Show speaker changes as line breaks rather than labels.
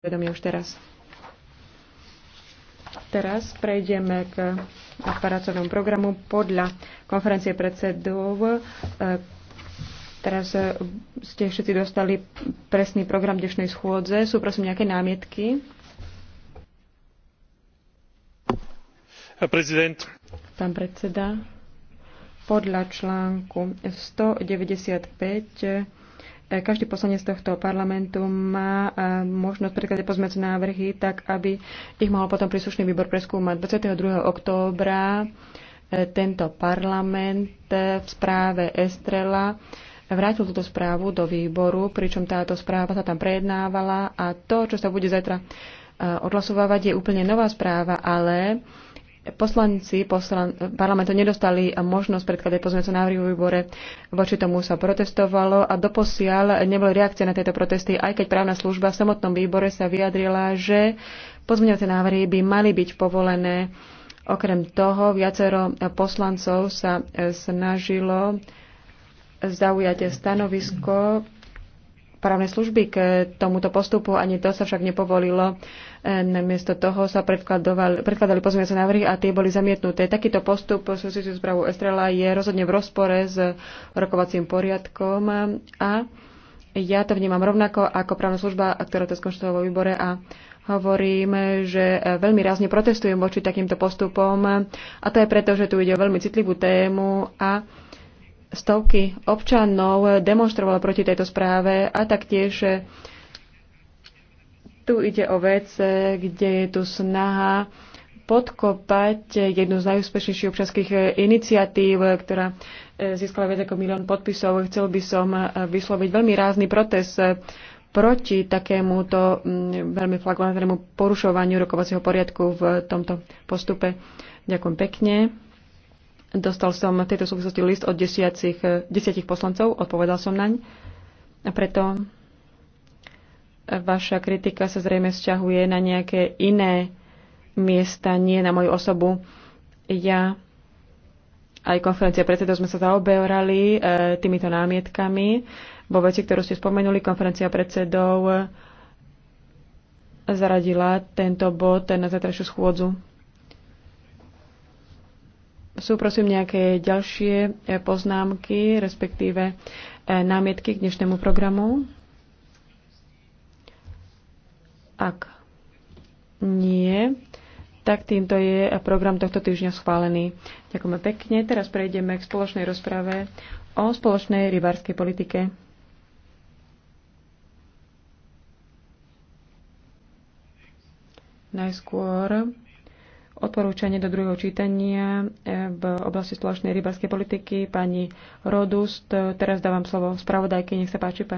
vedomie už teraz. Teraz prejdeme k pracovnému programu podľa konferencie predsedov. E, teraz e, ste všetci dostali presný program dnešnej schôdze. Sú prosím nejaké námietky? Prezident. Pán predseda, podľa článku 195 každý poslanec tohto parlamentu má e, možnosť prekladať pozmec návrhy, tak aby ich mohol potom príslušný výbor preskúmať. 22. októbra e, tento parlament e, v správe Estrela vrátil túto správu do výboru, pričom táto správa sa tam prejednávala a to, čo sa bude zajtra odhlasovávať, je úplne nová správa, ale poslanci poslan- parlamentu nedostali možnosť predkladať pozmeňujúce návrhy v výbore. Voči tomu sa protestovalo a doposiaľ neboli reakcie na tieto protesty, aj keď právna služba v samotnom výbore sa vyjadrila, že pozmeňujúce návrhy by mali byť povolené. Okrem toho viacero poslancov sa e, snažilo zaujať stanovisko Právne služby k tomuto postupu. Ani to sa však nepovolilo. E, namiesto toho sa predkladali pozmeňujúce návrhy a tie boli zamietnuté. Takýto postup súvisí s právou Estrela je rozhodne v rozpore s rokovacím poriadkom a ja to vnímam rovnako ako právna služba, ktorá to skonštatovala vo výbore a hovorím, že veľmi rázne protestujem voči takýmto postupom a to je preto, že tu ide o veľmi citlivú tému a stovky občanov demonstrovalo proti tejto správe a taktiež eh, tu ide o vec, eh, kde je tu snaha podkopať jednu z najúspešnejších občanských eh, iniciatív, ktorá získala viac ako milión podpisov. Chcel by som vysloviť veľmi rázny protest proti takémuto mm, veľmi flagrantnému porušovaniu rokovacieho poriadku v tomto postupe. Ďakujem pekne. Dostal som v tejto súvislosti list od desiatich, eh, desiatich poslancov, odpovedal som naň. A preto vaša kritika sa zrejme vzťahuje na nejaké iné miesta, nie na moju osobu. Ja aj konferencia predsedov sme sa zaoberali e, týmito námietkami. Vo veci, ktorú ste spomenuli, konferencia predsedov eh, zaradila tento bod na zatrajšiu schôdzu. Sú prosím nejaké ďalšie e, poznámky, respektíve e, námietky k dnešnému programu? Ak nie, tak týmto je program tohto týždňa schválený. Ďakujeme pekne. Teraz prejdeme k spoločnej rozprave o spoločnej rybárskej politike. Najskôr odporúčanie do druhého čítania eh, v oblasti spoločnej rybarskej politiky pani Rodust. Teraz dávam slovo spravodajky. Nech sa páči, pani.